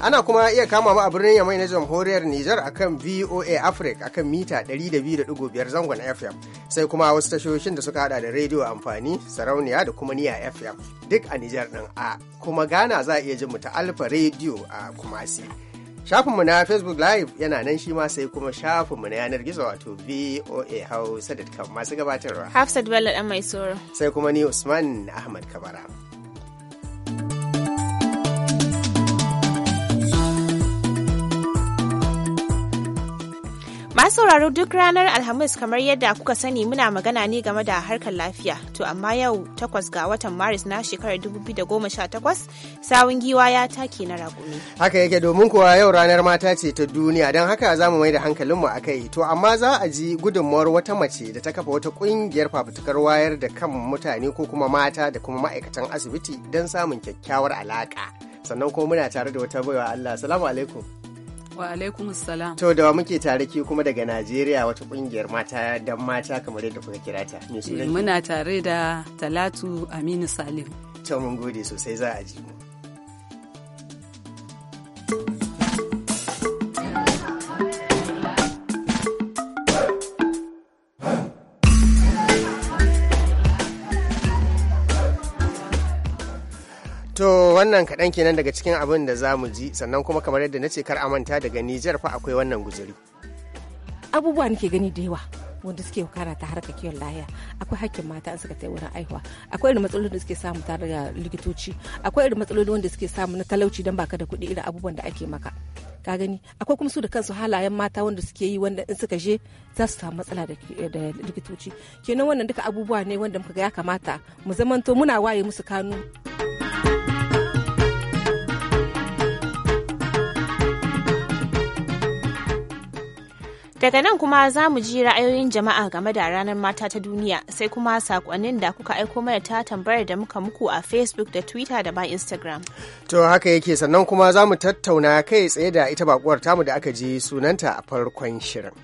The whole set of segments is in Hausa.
Ana kuma iya kama mu a birnin Yamai na Jamhuriyar Nijar akan VOA Africa akan mita 200.5 zangon FM sai kuma wasu tashoshin da suka hada da rediyo amfani sarauniya da kuma niya FM duk a Nijar din a kuma Ghana za a iya jin mu ta Alfa rediyo a Kumasi. Shafinmu na Facebook Live yana nan shi ma sai kuma mu na yanar gizo wato VOA Hausa.com masu gabatarwa. Hafsat Bello dan mai Sai kuma ni Usman Ahmad Kabara. Masu sauraro duk ranar Alhamis kamar yadda kuka sani muna magana ne game da harkar lafiya. To amma yau takwas ga watan Maris na shekarar dubu biyu da goma sha takwas sawun giwa ya take na rakumi Haka yake domin kuwa yau ranar mata ce ta duniya don haka za mu mai da hankalinmu a kai. To amma za a ji gudunmawar wata mace da ta kafa wata kungiyar fafutukar wayar da kan mutane ko kuma mata da kuma ma'aikatan asibiti don samun kyakkyawar alaƙa. Sannan kuma muna tare da wata baiwa Allah. Salamu alaikum. Wa alaikum salam. To da wa muke tare ke kuma daga Najeriya wata kungiyar mata dan mata kamar yadda kuka kira ta. Muna tare da Talatu Aminu Salim. To mun gode sosai za a ji mu. wannan kaɗan kenan daga cikin abin da za mu ji sannan kuma kamar yadda na ce kar a manta daga Nijar fa akwai wannan guzuri. Abubuwa nake gani da yawa wanda suke kara ta harkar kiwon lahiya akwai hakkin mata an suka ta wurin aihuwa akwai irin matsalolin da suke samu tare da likitoci akwai irin matsalolin wanda suke samu na talauci don baka da kuɗi irin abubuwan da ake maka ka gani akwai kuma su da kansu halayen mata wanda suke yi wanda in suka je za su samu matsala da likitoci kenan wannan duka abubuwa ne wanda muka ga ya kamata mu zamanto muna waye musu kanu. Daga nan kuma za mu ji ra'ayoyin jama'a game da ranar mata ta duniya sai kuma sakonnin da kuka aiko mana ta tambayar da muka muku a Facebook da Twitter da ba Instagram. To haka yake sannan kuma za mu tattauna kai tsaye da ita bakuwar tamu da aka ji sunanta a farkon shirin.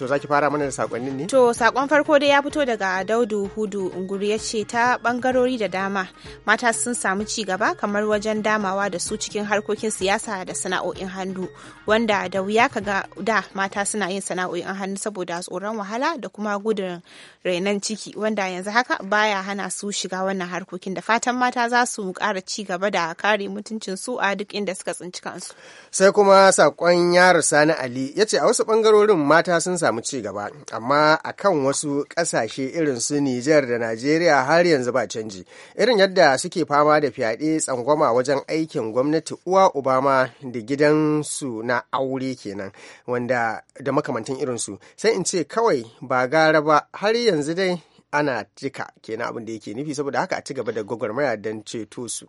To za fara mana da sakonnin ne? To sakon farko dai ya fito daga Daudu Hudu Unguri ya ce ta bangarori da dama mata sun samu ci gaba kamar wajen damawa da su cikin harkokin siyasa da sana'o'in hannu wanda da wuya ka ga da mata suna yin sana'o'in hannu saboda tsoron wahala da kuma gudun rainan ciki wanda yanzu haka baya hana su shiga wannan harkokin da fatan mata za su ƙara ci gaba da kare mutuncin su a duk inda suka tsinci kansu. Sai kuma sakon yaro Sani Ali ya ce a wasu bangarorin mata sun samu samu ci gaba amma a kan wasu ƙasashe irin su Nijar da Najeriya har yanzu ba canji irin yadda suke fama da fyaɗe tsangwama wajen aikin gwamnati uwa Obama da gidansu na aure kenan wanda da makamantan irinsu sai in ce kawai ba gara ba har yanzu dai ana cika kenan abin da yake nufi saboda haka a ci gaba da gwagwarmaya don ceto su.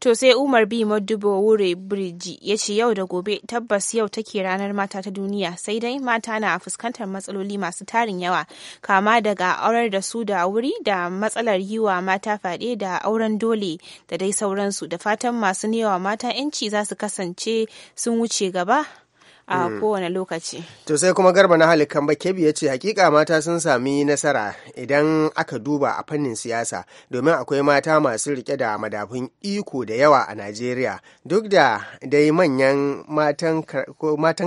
To sai Umar B. Madubo Wure Birji ya ce yau da gobe tabbas yau take ranar mata ta duniya sai dai mata na fuskantar matsaloli masu tarin yawa kama daga aurar da su da wuri da matsalar yi wa mata fade da auren dole da dai sauransu da fatan masu newa mata 'yanci za su kasance sun wuce gaba a mm. kowane lokaci. To sai kuma garba na halikan bakebi ya ce hakika mata sun sami nasara idan aka duba a fannin siyasa domin akwai mata masu rike da madafun iko da yawa a Najeriya duk da dai manyan matan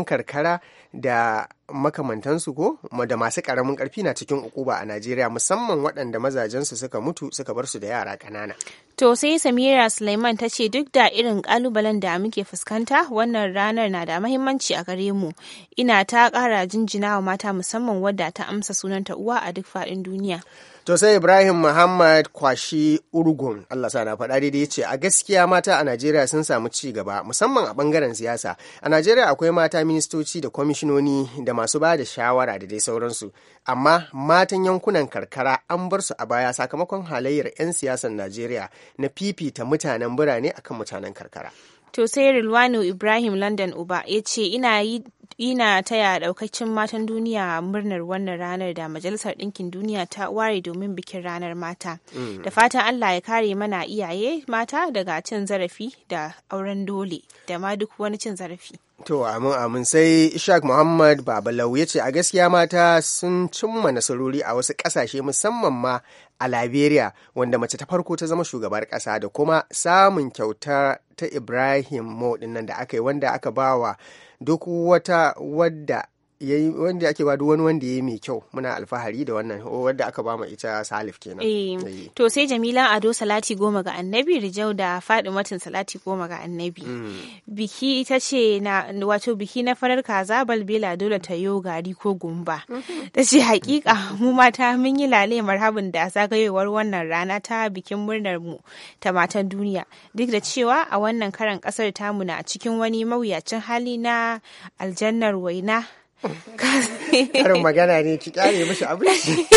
karkara da makamantansu ko da masu karamin karfi na cikin ukuba a Najeriya musamman waɗanda mazajensu suka mutu suka bar su da yara kanana To sai Samira Suleiman ta ce duk da irin ƙalubalen da muke fuskanta wannan ranar na da mahimmanci a gare mu. Ina ta ƙara jinjina wa mata musamman wadda ta amsa sunanta uwa a duk faɗin duniya. To sai Ibrahim Muhammad kwashi Urgun, Allah sa na faɗa daidai ce a gaskiya mata a Najeriya sun samu ci gaba musamman a ɓangaren siyasa. A Najeriya akwai mata ministoci da kwamishinoni da da masu ba da shawara da dai sauransu amma matan yankunan karkara an bar su a baya sakamakon halayyar 'yan siyasar najeriya na fifita mutanen birane akan mutanen karkara to sai rilwanu ibrahim london uba ya ce ina yi ina taya daukacin matan duniya murnar wannan ranar da majalisar ɗinkin duniya ta ware domin bikin ranar mata mm. da fatan allah ya kare mana iyaye mata daga cin zarafi da auren dole da ma duk wani cin zarafi To amin amin sai Ishaq Muhammad Babalau ya ce a gaskiya mata sun cimma nasarori a wasu ƙasashe musamman ma a Liberia wanda mace ta farko ta zama shugabar ƙasa da kuma samun kyauta ta Ibrahim Mo nan da aka yi wanda aka bawa duk wata wadda yayi wanda ake ba wani wanda ya yi mai kyau muna alfahari da wannan wanda aka ba ita Salif kenan eh, eh to sai Jamila Ado salati goma ga Annabi Rijau da Fadimatin salati goma ga Annabi mm. biki ita ce na wato biki na farar kaza balbela dole ta yo gari ko gumba mm-hmm. ta ce hakika mu mata mun yi lale marhabin da zagayowar wannan rana ta bikin murnar mu ta matan duniya duk da cewa a wannan karan kasar tamu na cikin wani mawuyacin hali na aljannar waina karin magana ne ki kyare mashi abinci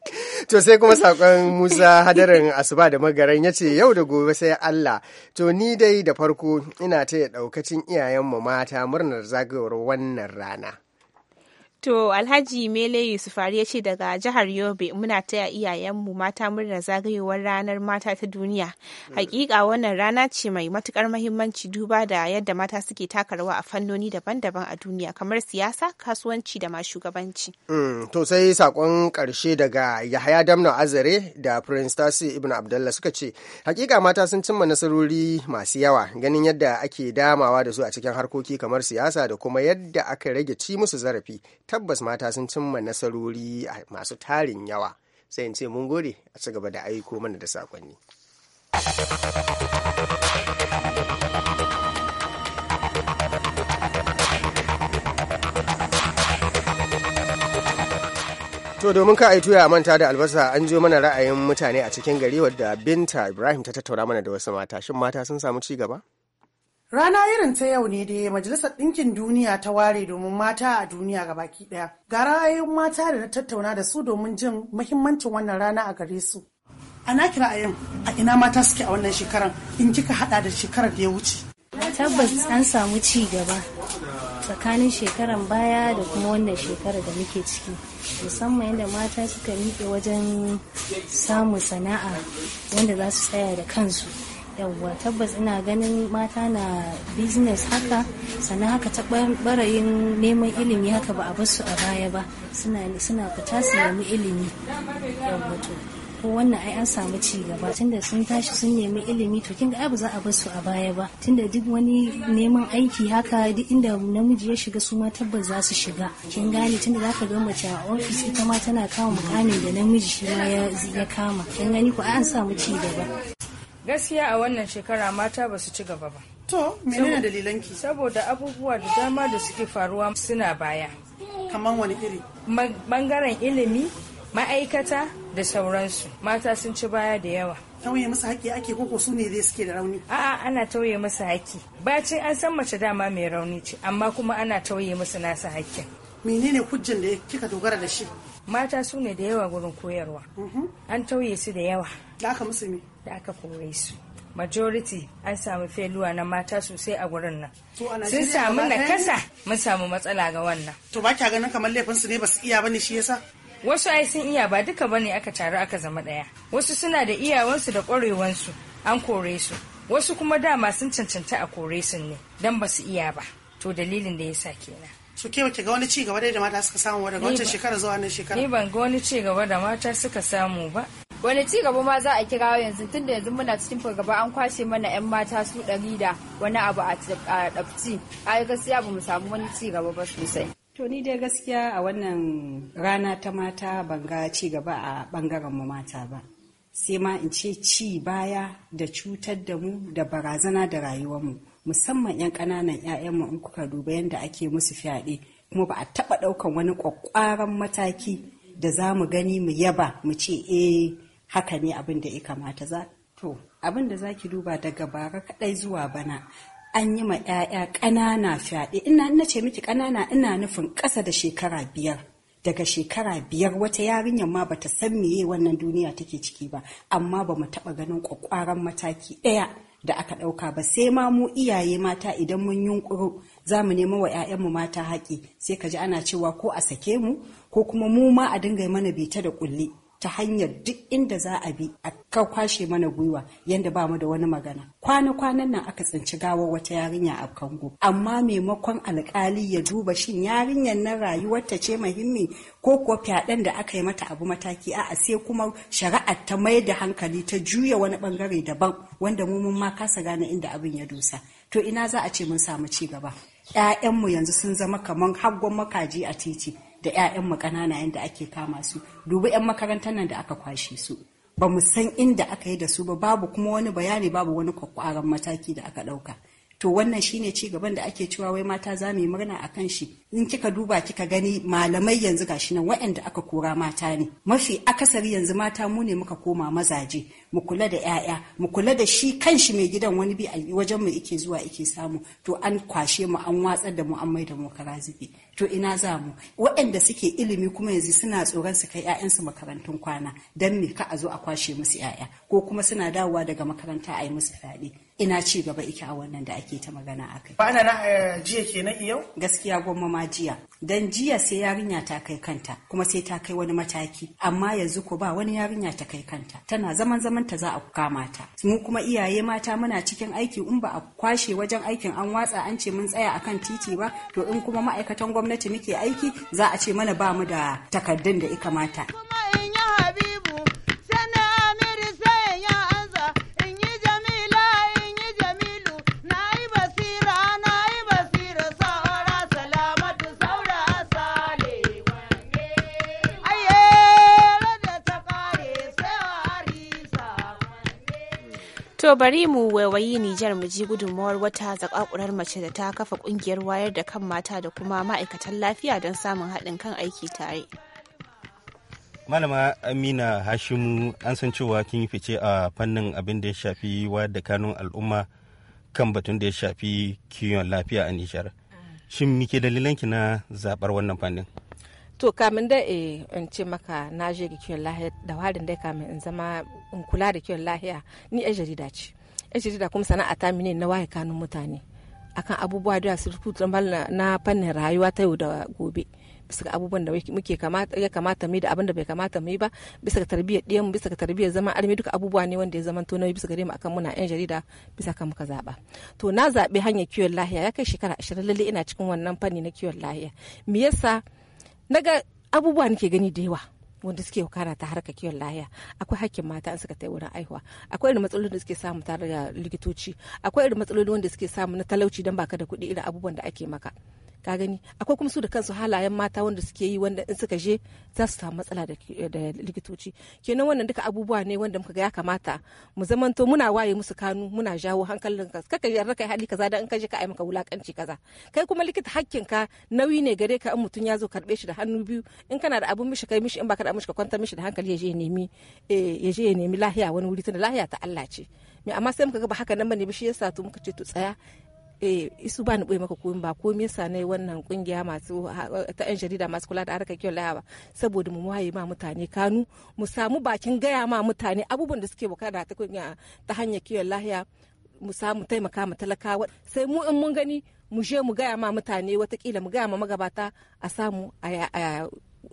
to sai kuma saƙon musa hadarin asuba da magaran ya ce yau da gobe sai allah to ni dai da farko ina taya ɗaukacin iyayenmu mata murnar zagayowar wannan rana To Alhaji Mele yusuf ya ce daga jihar Yobe muna taya iyayenmu mata murna zagayowar ranar mata ta duniya. Hmm. Hakika wannan rana ce mai matukar mahimmanci duba da yadda mata suke taka rawa a fannoni daban-daban a duniya kamar siyasa, kasuwanci da ma shugabanci. Hmm, to sai sakon karshe daga Yahaya Damna Azare da Prince Tasi Ibn Abdullah suka ce hakika mata sun cimma nasarori masu yawa ganin yadda ake damawa da su a cikin harkoki kamar siyasa da kuma yadda aka rage ci musu zarafi tabbas mata sun cimma nasarori masu tarin yawa sai in ce mun gode a ci gaba da aiko mana da sakonni. To domin ka aito a manta da albasa an jo mana ra'ayin mutane a cikin gari wadda Binta Ibrahim ta tattauna mana da wasu mata. Shin mata sun samu ci gaba? Rana irin ta yau ne da Majalisar Ɗinkin Duniya ta ware domin mata a duniya ga baki ɗaya. Ga ra'ayoyin mata da na tattauna da su domin jin muhimmancin wannan rana a gare su. A kira ra'ayin a ina mata suke a wannan shekaran in kika haɗa da shekarar da ya wuce. Tabbas an samu ci gaba tsakanin shekaran baya da kuma wannan shekarar da muke ciki musamman yadda mata suka miƙe wajen samun sana'a wanda za su tsaya da kansu. yawwa tabbas ina ganin mata na business haka sannan haka ta barayin neman ilimi haka ba a basu a baya ba suna fita su nemi ilimi yawwa to ko wannan ai an samu ci gaba tunda sun tashi sun nemi ilimi to kinga ai ba za a bar su a baya ba tunda duk wani neman aiki haka duk inda namiji ya shiga su ma tabbas za su shiga kin gane tunda zaka ga mace a ofis ita ma tana kama mukamin da namiji shi ma ya kama kin gani ko ai an samu ci gaba gaskiya a wannan shekara mata ba su ci gaba ba to menene dalilanki saboda abubuwa da dama da suke faruwa suna baya kamar wani iri bangaren ilimi ma'aikata da sauransu mata sun ci baya da yawa tauye musu haƙƙi ake koko su ne zai suke da rauni a'a ana tauye musu haƙƙi bacin an san mace dama mai rauni ce amma kuma ana tauye musu nasu haƙƙin menene hujjan da kika dogara da shi mata su ne da yawa gurin koyarwa mm-hmm. an tauye su da yawa da aka musu me da aka kore su majority an samu feluwa na mata sosai a gurin nan sun samu nakasa mun samu matsala ga wannan to ba kya ganin kamar laifin su ne ba su iya bane shi yasa wasu ai sun iya ba duka bane aka taru aka zama daya wasu suna da iyawansu da kwarewansu an kore su wasu kuma dama sun cancanta a kore su ne dan ba su iya ba to dalilin da yasa kenan su ke ga wani ci gaba da mata suka samu daga wancan shekara zuwa wannan shekara ni ban ga wani ci gaba da mata suka samu ba wani ci gaba ma za a kira yanzu tun da yanzu muna cikin fargaba an kwashe mana 'yan mata su ɗari da wani abu a ɗabci a gaskiya ba mu samu wani ci gaba ba sosai to ni dai gaskiya a wannan rana ta mata ban ga ci gaba a ɓangaren mu mata ba sai ma in ce ci baya da cutar da mu da barazana da rayuwar mu musamman 'yan ƙananan mu in kuka duba yadda ake musu fyaɗe kuma ba a taɓa ɗaukan wani ƙwaƙƙwaran mataki da za mu gani mu yaba mu ce eh haka ne abin da ya kamata za to abin da zaki duba daga bara kadai zuwa bana an yi ma 'ya'ya ƙanana fyaɗe ina na ce miki ƙanana ina nufin ƙasa da shekara biyar daga shekara biyar wata yarinyar ma bata san meye wannan duniya take ciki ba amma ba mu taɓa ganin ƙwaƙwaran mataki ɗaya da aka ɗauka ba sai ma mu iyaye mata idan mun yunƙuro za mu nemo wa 'ya'yanmu mata haƙi sai ka ji ana cewa ko a sake mu ko kuma mu ma a dinga mana bita da ƙulli ta hanyar duk inda za a bi a kwashe mana gwiwa yadda ba mu da wani magana kwana-kwanan nan aka tsinci gawar wata yarinya a kango amma maimakon alkali ya duba shin yarinyar nan rayuwarta ce muhimmi ko kuwa fyaɗen da aka yi mata abu mataki a'a sai kuma shari'ar ta mai da hankali ta juya wani bangare daban wanda mu mun ma kasa gane inda abin ya dosa to ina za a ce mun samu ci gaba 'ya'yanmu yanzu sun zama kamar haggon makaji a titi da 'ya'yan mu ƙanana yadda ake kama su dubi 'yan makarantar nan da aka kwashe su ba mu san inda aka yi da su ba babu kuma wani bayani babu wani kwakwaran mataki da aka ɗauka to wannan shine ci gaban da ake cewa wai mata za mu yi murna a kan shi in kika duba kika gani malamai yanzu gashi nan wa'anda aka kora mata ne mafi akasari yanzu mata mu ne muka koma mazaje mu kula da 'ya'ya mu kula da shi kan shi mai gidan wani bi wajen mu ike zuwa ike samu to an kwashe mu an watsar da mu an mai da mu karazibi to ina za mu waɗanda suke ilimi kuma yanzu suna tsoron su kai su makarantun kwana dan me ka a zo a kwashe musu 'ya'ya ko kuma suna dawowa daga makaranta a yi musu fyaɗe ina ci gaba ike a wannan da ake ta magana a kai. Ba na eh, jiya kenan yau? Gaskiya gwamma ma jiya. Dan jiya sai yarinya ta kai kanta kuma sai ta kai wani mataki amma yanzu ko ba wani yarinya ta kai kanta tana zaman zaman zamanta za a kama ta mu kuma iyaye mata muna cikin aiki in ba a kwashe wajen aikin an watsa an ce mun tsaya akan titi ba to in kuma ma'aikatan gwamnati muke aiki za a ce mana ba mu da takaddun da ya kamata. To bari mu waiwayi Nijar mu ji gudunmawar wata zakakurar mace da ta kafa kungiyar wayar da kan mata da kuma ma'aikatan lafiya don samun haɗin kan aiki tare. Malama Amina Hashimu an san cewa kin yi fice a fannin abin da ya shafi wayar da kanun al'umma kan batun da ya shafi kiwon lafiya a Nijar. Shin mike dalilanki na zaɓar wannan fannin? to kamin da eh in ce maka na je ga kiwon lahiya da warin dai kamin in zama in kula da kiwon lahiya ni yan jarida ce yan jarida kuma sana'a ta mine na waye kanun mutane akan abubuwa da su na fannin rayuwa ta yau da gobe bisa ga abubuwan da muke ya kamata mu da abin da bai kamata mu ba bisa ga tarbiyyar ɗiyan bisa ga tarbiyyar zaman armi duka abubuwa ne wanda ya zama to bisa gare mu akan muna yan jarida bisa kan muka zaba to na zaɓi hanyar kiwon lahiya ya kai shekara ashirin lalle ina cikin wannan fanni na kiwon lahiya me yasa daga abubuwa nake gani da yawa wanda suke kara ta harkar kiwon lahiya akwai hakkin mata in suka tai wurin aihuwa akwai irin matsalolin da suke samu tare da likitoci akwai irin matsalolin wanda suke samu na talauci dan baka da kuɗi irin abubuwan da ake maka ka gani akwai kuma su da kansu halayen mata wanda suke yi wanda in suka je za su samu matsala da likitoci kenan wannan duka abubuwa ne wanda muka ga ya kamata mu zamanto muna waye musu kanu muna jawo hankalin ka kaka yarda kai hali kaza dan in ka je ka ai maka wulakanci kaza kai kuma likita hakkin ka nauyi ne gare ka in mutum ya zo karbe shi da hannu biyu in kana da abun mishi kai mishi in baka da mishi ka kwanta mishi da hankali ya je ya nemi eh, ya je ya nemi lahiya wani wuri tunda lahiya ta Allah ce me amma sai muka ga ba haka nan bane ba shi yasa to muka ce to tsaya eh isu ba ni boye maka komai ba komai yasa ne wannan kungiya masu ta yan jarida masu kula da harkar kiwon lafiya saboda mu waye ma mutane kanu mu samu bakin gaya ma mutane abubuwan da suke bukata ta kungiya ta hanyar kiyon lahiya mu samu taimaka ma talakawa sai mu in mun gani mu je mu gaya ma mutane watakila mu gaya ma magabata a samu a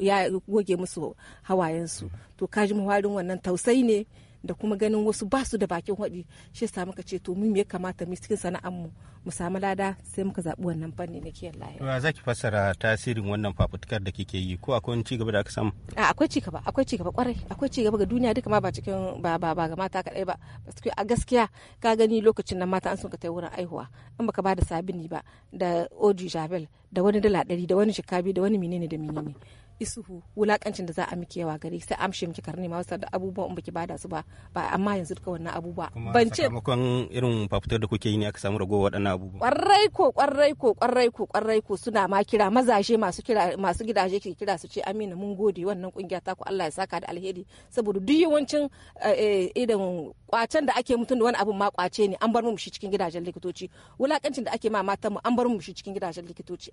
ya goge musu hawayensu to kaji mu wannan tausayi ne da kuma ganin wasu ba su da bakin waɗi shi yasa muka ce to mun me ya kamata mu cikin sana'ar mu mu samu lada sai muka zaɓi wannan fanni na kiyan lahiya. Ya zaki fassara tasirin wannan fafutukar da kike yi ko akwai ci gaba da aka samu? A akwai ci gaba akwai ci gaba kwarai akwai ci gaba ga duniya duka ma ba cikin ba ba ba ga mata kaɗai ba a gaskiya ka gani lokacin nan mata an sun ka wurin aihuwa in baka ba da sabini ba da oji javel da wani dala ɗari da wani shikabi da wani menene da menene isuhu wulakancin da za a miki yawa gari sai amshe miki karni ma wasu abubuwan in baki bada su ba ba amma yanzu duka wannan abubuwa ban ce sakamakon irin fafutar da kuke yi ne aka samu ragowa waɗannan abubuwa kwarai ko kwarai ko kwarai ko kwarai ko suna ma kira mazaje masu kira masu gidaje ke kira su ce amina mun gode wannan kungiya ta ku Allah ya saka da alheri saboda duk yawancin eh, eh, idan kwacen da ake mutun da wani abun ma kwace ne an bar mu shi cikin gidajen likitoci wulakancin da ake ma matan mu an bar mu shi cikin gidajen likitoci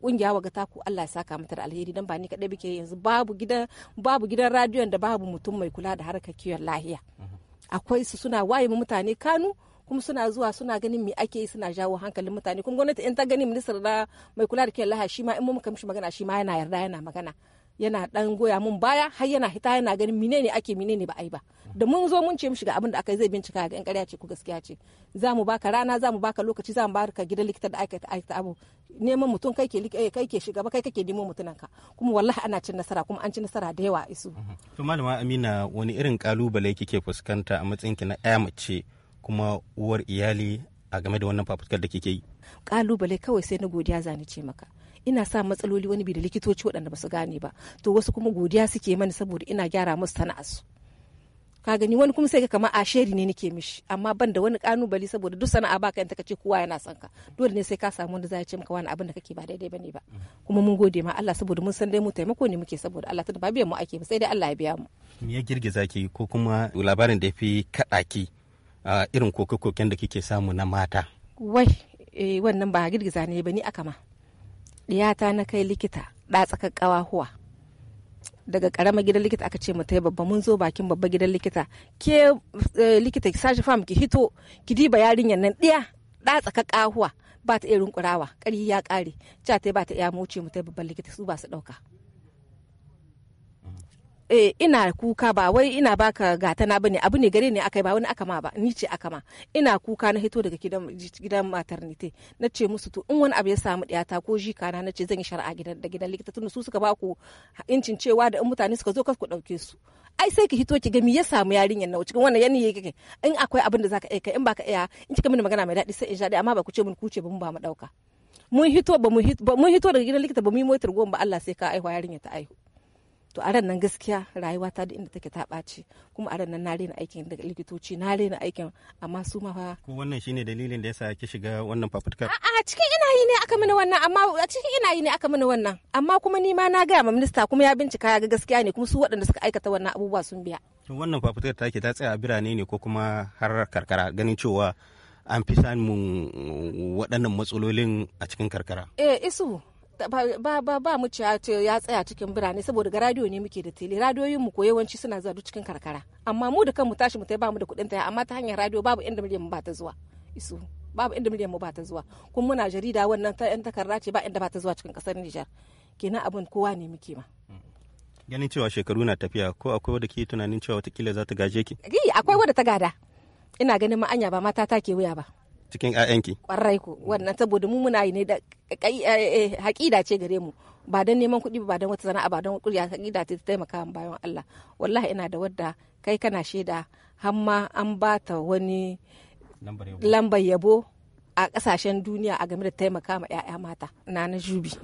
kungiya waga taku Allah ya saka mata da alheri dan ba ni kadai bike yanzu babu gidan babu gidan radiyon da babu mutum mai kula da harkar kiwon lahiya akwai su suna waye mutane Kano kuma suna zuwa suna ganin me ake suna jawo hankalin mutane kuma gwamnati in ta gani ministar da mai kula da kiwon lahiya shi ma in muka mishi magana shi ma yana yarda yana magana yana dan goya mun baya har yana hita yana ganin menene ake menene ba ai ba da mun zo mun ce mishi ga abin da aka zai bincika ga in ƙarya ce ko gaskiya ce za mu baka rana za mu baka lokaci za mu baka gidan likita da aka aikata abu neman mutum kai ke eh, kai ke ba kai kake nemo mutunan ka kuma wallahi ana cin nasara kuma an ci nasara da yawa isu mhm. to malama Amina wani irin kalubale kike fuskanta a matsayin ki na ɗaya mace kuma uwar iyali a game da wannan fafutukar da kike yi kalubale kawai sai na godiya zani ce maka ina sa matsaloli wani bi da likitoci waɗanda ba su gane ba to wasu kuma godiya suke mani saboda ina gyara musu sana'arsu ka gani wani kuma sai ka kama a sheri ne nake mishi amma ban da wani kanubali saboda duk sana'a ka yanta kace kowa yana son ka dole ne sai ka samu wanda za a ce maka wani abin da kake ba daidai bane ba kuma mun gode ma Allah saboda mun san dai mu taimako ne muke saboda Allah ta ba biyan mu ake ba sai dai Allah ya biya mu me ya girgiza ki ko kuma labarin da yafi kada ki irin koke-koken da kike samu na mata wai eh, wannan ba girgiza ne ba ni aka ma Ɗiyata na kai likita ɗatsaka ƙawahuwa daga ƙaramar gidan likita aka ce mata babba mun zo bakin babba gidan likita ke eh, likita ki sashi fam ki hito ki diba yarinyar nan ɗiya ɗatsaka ƙawahuwa ba ta iya rinkurawa ƙari ya ƙare ca ba ta iya mu mata mu ta babban likita su ba su ɗauka Eh, ina kuka ba wai ina baka gatana bane abu ne gare ne akai ba wani aka ma ba ni ce aka ma ina kuka na hito daga gidan gidan te na ce musu to in wani abu ya samu ɗiyata ko jika na ce zan yi shari'a gidan da gidan likita tunda su suka ba ku incin cewa da in mutane suka zo kar ku ɗauke su ai sai ki hito ki ga me ya samu yarinyar nawa cikin wannan yanayi kake in akwai abin da zaka iya kai in baka iya in kika mini magana mai daɗi sai in sha amma ba ku ce mun ku ce ba mu ba mu ɗauka mun hito ba mun hito daga gidan likita ba mu yi motar goma ba Allah sai ka aihu yarinya ta aihu to a nan gaskiya rayuwa ta da inda take ta ɓaci kuma a nan na rena aikin daga likitoci na rena aikin amma su ma fa ko wannan shine dalilin da yasa ke shiga wannan fafutukar a cikin ina yi ne aka mini wannan amma a cikin ina yi ne aka mini wannan amma kuma ni ma na ga ma minista kuma ya bincika ya ga gaskiya ne kuma su waɗanda suka aikata wannan abubuwa sun biya to wannan fafutukar take ta tsaya a birane ne ko kuma har karkara ganin cewa an fi samun waɗannan matsalolin a cikin karkara eh isu ba ba ba mu ci ya tsaya cikin birane saboda ga radio ne muke da tele radiyoyin mu ko yawanci suna zuwa duk cikin karkara amma mu da kanmu tashi mu tai ba mu da kuɗin taya amma ta hanyar radio babu inda miliyan mu ba ta zuwa isu babu inda miliyan mu ba ta zuwa kuma muna jarida wannan ta yan takarda ce ba inda ba ta zuwa cikin kasar Nijar kenan abin kowa ne muke ma ganin cewa shekaru na tafiya ko akwai wadda ke tunanin cewa watakila za ta gaje ki akwai wadda ta gada ina ganin ma anya ba mata ta ke wuya ba cikin 'ya'yanki kwarai ku wannan saboda mu muna yi ne da eh, eh, haƙida ce gare mu ba don neman kuɗi ba don wata sana'a ba don kuriya haƙida ce ta taimaka bayan Allah wallahi ina da wadda kai kana shaida hamma an ba ta wani lambar yabo a ƙasashen duniya a game da taimaka ma 'ya'ya mata na na jubi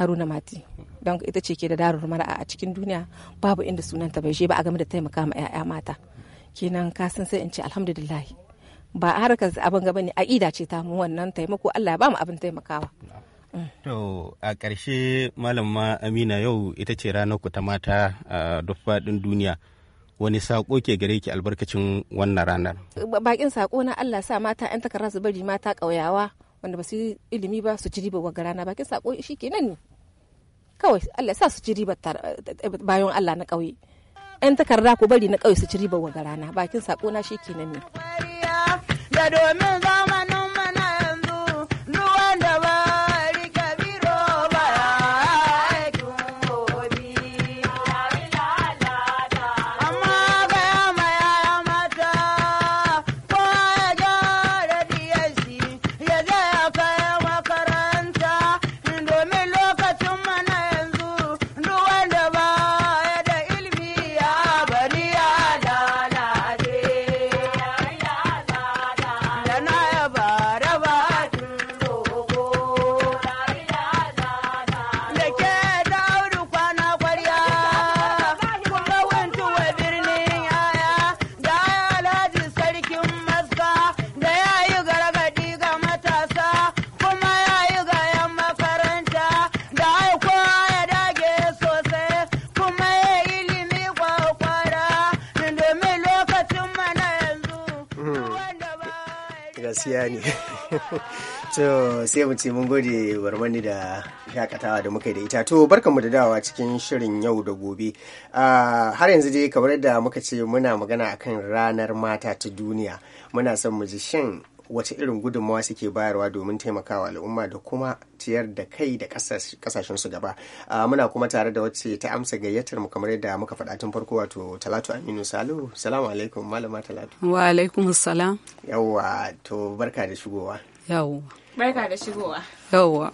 haruna mati don ita ce ke da darar mara'a a cikin duniya babu inda sunanta bai je ba a game da taimaka ma 'ya'ya mata kenan ka san sai in ce alhamdulillahi ba harkar abin gaba ne aida ce ta mu wannan taimako Allah ya ba mu abin taimakawa To a ƙarshe malamma Amina yau ita ce ranar ku ta mata a duk faɗin duniya. wani sako ke gare ki albarkacin wannan ranar. Bakin sako na Allah sa mata an takarar su bari mata ƙauyawa wanda ba su yi ilimi ba su ci riba wa rana bakin sako shi kenan ne. Kawai Allah sa su ci riba bayan Allah na ƙauye. 'Yan takarda ku bari na ƙauye su ci riba wa rana bakin sako na shi kenan ne. da domin zama gaskiya ne to sai mu ce mun gode warmani da shakatawa da muka da ita to mu da dawa cikin shirin yau da gobe har yanzu dai kamar da muka ce muna magana akan ranar mata ta duniya muna son mu ji shin wace irin gudunmawa suke bayarwa domin taimakawa al'umma da kuma ciyar da kai da kasashen su gaba ah, muna kuma tare da wacce ta amsa gayyatar mu kamar yadda muka faɗa tun farko wato talatu aminu salu salamu alaikum malama talatu wa alaikum salam yawwa to barka da shigowa yawwa barka da shigowa yawwa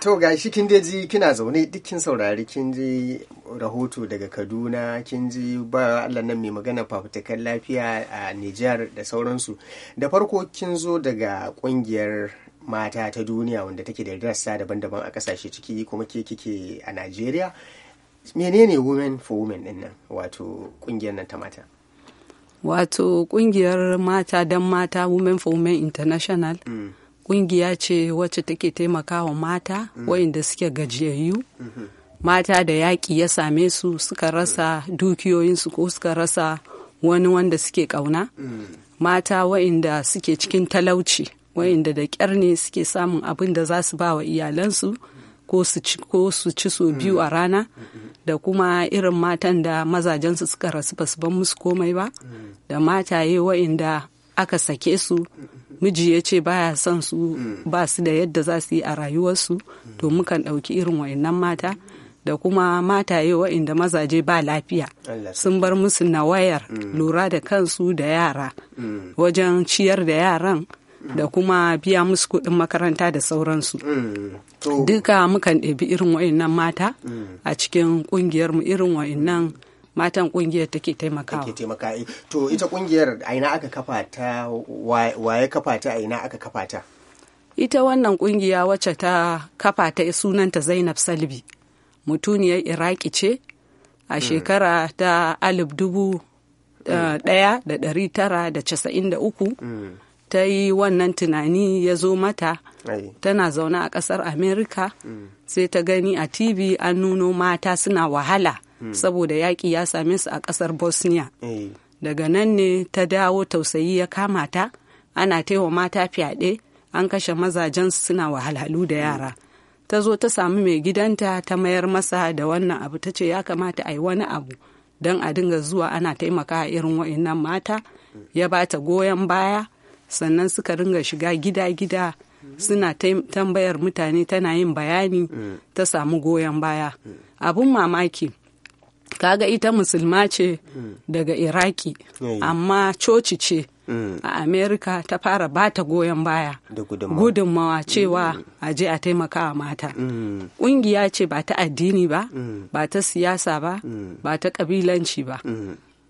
to ga shi kin ji kina zaune duk saurari kin ji rahoto daga kaduna kin ji ba allah nan mai magana fafutukan lafiya a nijar da sauransu da farko kin zo daga kungiyar mata ta duniya wanda take da rassa daban-daban a kasashe ciki kuma ke kike a najeriya menene women for women din nan wato kungiyar nan ta mata wato kungiyar mata don mata women for women international mm. kungiya ce wacce take taimakawa mata mm. wayanda suke gajiyayyu mm-hmm. mata da yaƙi ya same su suka rasa mm. dukiyoyinsu ko suka rasa wani wanda suke ƙauna mm. mata wayanda suke cikin talauci wayanda da ƙyar ne suke samun abin da za su ba wa iyalansu ko su ci ko su ci so mm. biyu a rana mm-hmm. da kuma irin matan da mazajensu suka rasu ba su ban musu komai ba mm. da mataye wa'inda aka sake su miji ya ce baya son su mm. ba su da yadda za su yi a rayuwarsu mm. to mukan ɗauki irin wa'annan mata da kuma mataye wa'inda mazaje ba lafiya sun bar musu na wayar mm. lura da kansu da yara wajen ciyar da yaran da kuma biya musu kuɗin makaranta da sauransu duka mukan ɗabi irin wa'annan mata a cikin ƙungiyarmu irin wa'annan matan kungiyar take taimakawa take taimaka eh, to ita kungiyar aina aka kafa ta waye kafa ta aina aka kafa ta ita wannan kungiya wacce ta kafa ta sunanta Zainab Salbi mutuniyar Iraki ce a hmm. shekara ta alif dubu eh, hmm. ɗaya da ɗari tara da casa'in da uku hmm. ta yi wannan tunani ya zo mata tana zaune a ƙasar amerika sai ta gani a tv an nuno mata suna wahala saboda yaƙi ya same su a ƙasar bosnia mm. daga nan ne ta dawo tausayi ya kama ta ana taiwa mata fyaɗe an kashe mazajen suna wahalhalu da yara ta zo ta samu mai gidanta ta mayar masa da wannan abu ta ce ya kamata a yi wani abu don a dinga zuwa ana taimaka irin wa'innan mata ya ba ta goyon baya sannan suka ringa shiga gida-gida suna tambayar mutane tana yin bayani mm. ta samu goyon baya abun mamaki kaga ita musulma ce daga iraki amma coci ce mm. a amerika ta fara bata goyon baya gudunmawa cewa mm. a je a taimaka mata mm. ƙungiya ce ba ta addini ba ba ta siyasa ba ba ta ƙabilanci ba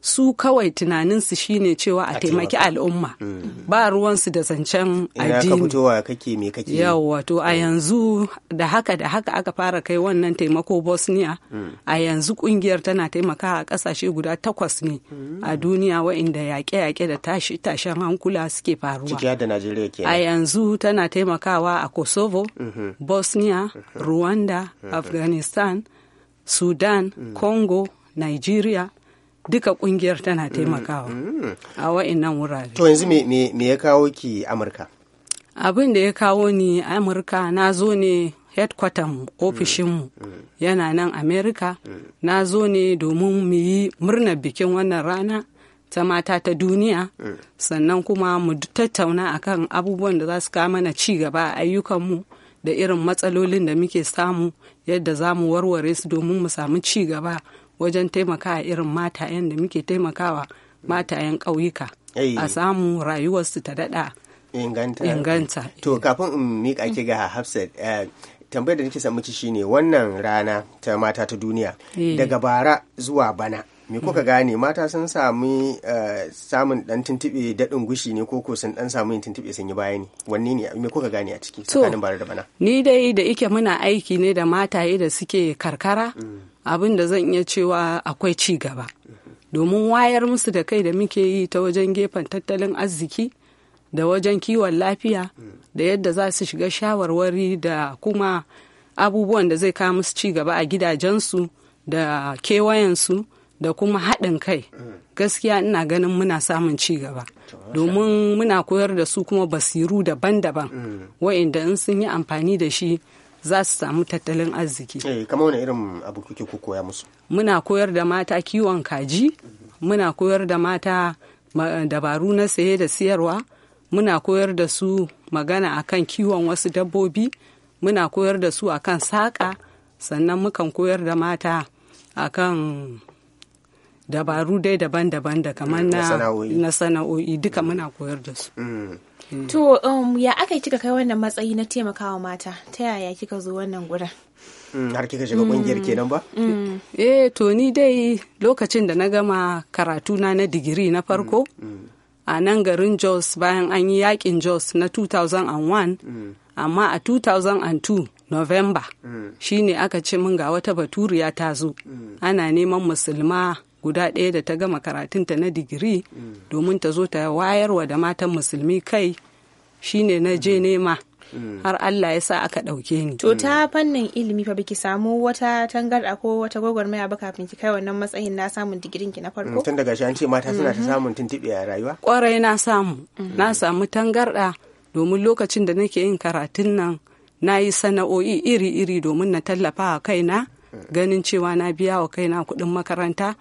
su kawai tunaninsu shine cewa a taimaki al'umma mm. ba ruwansu da zancen addini yawa to a mm. yanzu da haka da haka aka fara kai wannan taimako bosnia mm. a yanzu kungiyar tana taimaka a kasashe guda takwas ne a duniya wa'inda yaƙe-yaƙe da tashi tashen hankula suke faruwa a yanzu tana taimakawa a kosovo mm-hmm. bosnia mm-hmm. rwanda mm-hmm. afghanistan sudan congo nigeria duka kungiyar tana mm. taimakawa mm. a wa'annan wurare to yanzu me ya kawo ki amurka abin da ya kawo ni amurka na zo ne headquarter ofishinmu mm. yana nan amerika na zo ne domin mu yi murnar bikin wannan rana ta mata ta duniya sannan kuma mu tattauna a kan abubuwan da za su kawo mana ci gaba a ayyukanmu da irin matsalolin da muke samu yadda za mu warware su domin mu samu ci gaba wajen taimaka irin matayen da muke taimakawa matayen ƙauyuka a samu rayuwarsu ta daɗa inganta to kafin in miƙa ki ga hafsat eh, tambayar da nake samu ci shine wannan rana ta mata ta duniya eh. daga bara zuwa bana me kuka mm. gane mata sun sami eh, samun dan tuntube dadin gushi ne ko sun dan samu yin tuntube sun yi baya ne wanne ne me kuka gane a ciki tsakanin bara da bana ni dai da ike muna aiki ne da mataye da suke karkara mm. abin da zan iya cewa akwai ci gaba domin wayar musu da kai da muke yi ta wajen gefen tattalin arziki da wajen kiwon lafiya da yadda za su shiga shawarwari da kuma abubuwan da zai kawo musu ci gaba a gidajensu da kewayensu da kuma haɗin kai gaskiya ina ganin muna samun ci gaba domin muna koyar da su kuma basiru daban-daban mm. wa'inda in sun yi amfani da shi za su samu tattalin arziki eh kama wani irin abu kuke ku koya musu muna koyar da mata kiwon kaji muna koyar da mata dabaru na saye da siyarwa muna koyar da su magana a kan kiwon wasu dabbobi muna koyar da su a kan saƙa sannan mukan koyar da mata a kan dabaru dai daban-daban da kamar mm, na sana'o'i duka muna koyar da su. Mm. Mm. To um, ya aka yi kika kai wannan matsayi na taimakawa mata ta yaya kika zo wannan gudan. Mm, har kika shiga kungiyar mm. kenan ba? Eh to ni dai lokacin da na gama karatuna na digiri na farko a nan garin Jos bayan an yi yakin Jos na 2001 amma a 2002 November shine aka ce min ga wata baturiya ta zo ana neman musulma guda ɗaya da ta gama karatunta na digiri domin ta zo ta wayarwa da matan musulmi kai shine na je nema har Allah ya sa aka ɗauke ni. To ta fannin ilimi fa biki samu wata tangarɗa ko wata gwagwarmaya ba kafin ki kai wannan matsayin na samun digirin ki na mm, farko? Tun daga shi an ce mata suna ta mhm. samun tuntuɓe a rayuwa? Kwarai na samu, mm. na samu tangarɗa domin lokacin da nake yin karatun nan na yi sana'o'i iri-iri domin na tallafa wa kaina mm. ganin cewa na biya wa kaina kuɗin makaranta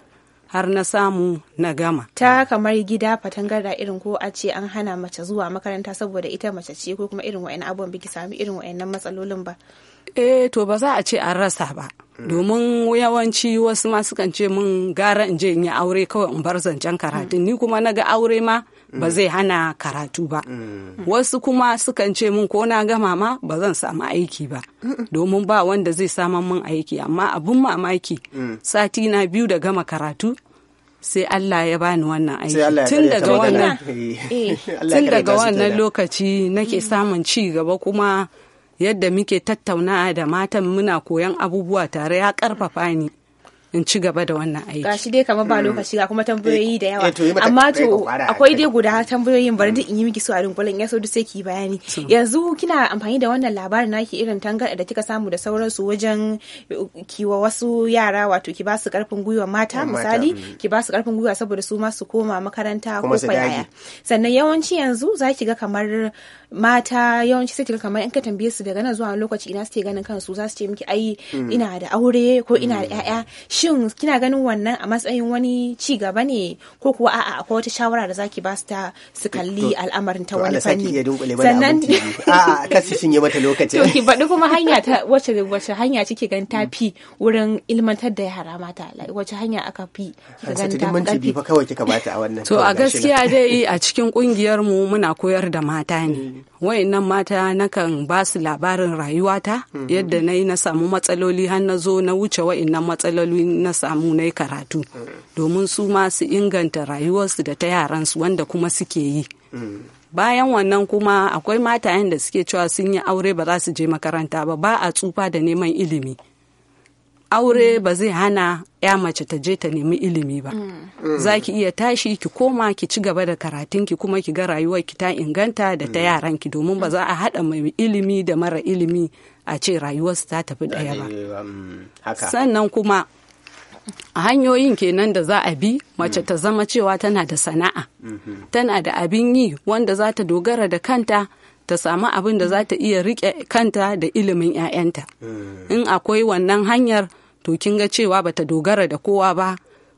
har na samu na gama. Ta kamar gida da irin ko a ce an hana mace zuwa makaranta saboda ita mace ce ko kuma irin wa'in abubuwan biki sami irin wa'in matsalolin ba. Eh to ba za a ce an rasa ba. Mm. Domin yawanci wasu ma sukan ce mun gara in je in yi aure kawai in bar zancen karatun. Mm. Ni kuma na ga aure ma ba zai hana karatu ba wasu kuma sukan ce mun ko na gama ma ba zan samu aiki ba domin ba wanda zai saman mun aiki amma abun mamaki sati na biyu da gama karatu sai Allah ya bani wannan aiki tun daga wannan eh. tun daga wannan lokaci nake mm. samun ci gaba kuma yadda muke tattauna da matan muna koyan abubuwa tare ya karfafa ni in ci gaba da wannan aiki gashi dai kamar ba mm. lokaci ga kuma tambayoyi eh, da yawa eh, amma to akwai dai guda tambayoyin bari mm. duk in yi miki su a rungulan ya so duk sai ki bayani yanzu kina amfani da wannan labarin naki irin tangar da kika samu da sauransu wajen uh, kiwa wasu yara wato ki ba su karfin gwiwa mata misali mm. ki ba su karfin gwiwa saboda su ma su koma makaranta ko fayaya. sannan yawanci yanzu za ki ga kamar mata yawanci sai kamar in ka tambaye su daga nan zuwa lokaci ina suke ganin kansu za su ce miki ai mm. ina da aure ko ina da mm. ƴaƴa shin kina ganin wannan a matsayin wani ci gaba ne ko kuwa a'a akwai wata shawara da zaki ba su ta su kalli al'amarin ta wani fanni sannan a'a kasi sun yi mata lokaci to ki faɗi kuma hanya ta wacce wacce hanya kike ganin ta fi wurin ilmantar da yara mata wace hanya aka fi ganin ta fi kawai kika bata a wannan to a gaskiya dai a cikin kungiyar mu muna koyar da mata ne mm. wayannan mata nakan ba su labarin rayuwata mhm. yadda na yi na samu matsaloli har na zo na wuce wayannan matsaloli na samu na yi karatu mm. domin su ma su inganta rayuwarsu da ta yaransu wanda kuma suke yi mm. bayan wannan kuma akwai matayen da suke cewa sun yi aure ba za su je makaranta ba ba a tsufa da neman ilimi aure ba zai hana ya mace ta je ta nemi ilimi ba mm. za ki iya tashi ki koma ki ci gaba da karatunki kuma ki ga rayuwar ki ta inganta da ta mm. yaranki domin ba za a haɗa mai ilimi da mara ilimi a ce rayuwarsu ta tafi ɗaya ba mm, sannan kuma hanyoyin kenan da za a bi mace ta zama cewa tana da sana'a mm-hmm. tana da abin yi wanda za ta dogara da kanta ta samu abin da za ta iya rike kanta da ilimin 'ya'yanta in akwai wannan hanyar to kin ga cewa bata dogara da kowa ba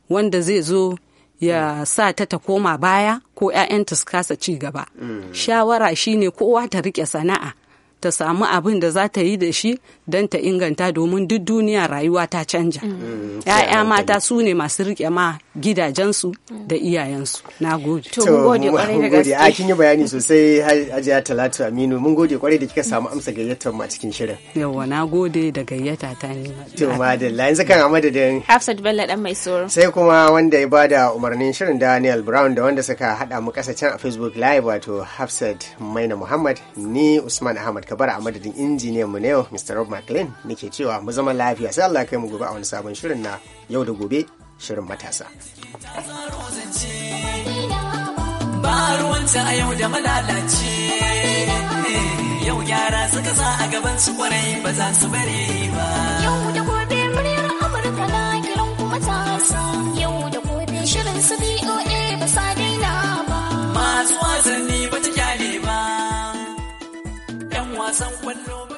wanda zai zo ya sa ta ta koma baya ko 'ya'yanta su kasa ci gaba. Mm. Shawara shine kowa ta rike sana'a ta samu abin da za ta yi da shi don ta inganta domin duk duniya rayuwa ta canja. Mm. Mm. Mm. ‘Ya'ya mata su ne masu riƙe ma gidajensu da iyayensu. Na gode. To, mun gode kwarai da ah, gaske. A kin yi bayani sosai Hajiya Talatu Aminu. Mun gode kwarai da kika samu amsa gayyatar mu a cikin shirin. Yawwa, na gode da gayyata ta ni. To, madalla. Yanzu kan a madadin. Hafsat Bello ɗan mai tsoro. Sai kuma wanda ya bada umarnin shirin Daniel Brown da wanda suka haɗa mu can a Facebook Live wato Hafsat Maina Muhammad ni Usman Ahmad Ahmad Kabar a madadin injiniyan mu na yau Mr. Rob McLean nake cewa mu zama lafiya sai Allah kai mu gobe a wani sabon shirin na yau da gobe shirin matasa. Ba a yau da malalace yau gyara suka sa a gaban su kwarai ba za su bare ba. Yau da gobe muryar Amurka na kiran kuma ta yau da gobe shirin su BOA ba sa daina ba. Masu wasanni ba ta san kwallo